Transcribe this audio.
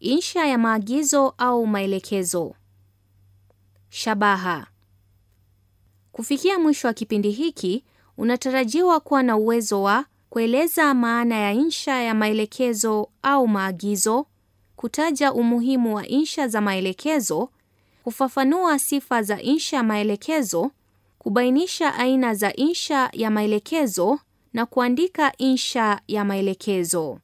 Insha ya maagizo au maelekezo. Shabaha: kufikia mwisho wa kipindi hiki, unatarajiwa kuwa na uwezo wa kueleza maana ya insha ya maelekezo au maagizo, kutaja umuhimu wa insha za maelekezo, kufafanua sifa za insha ya maelekezo, kubainisha aina za insha ya maelekezo na kuandika insha ya maelekezo.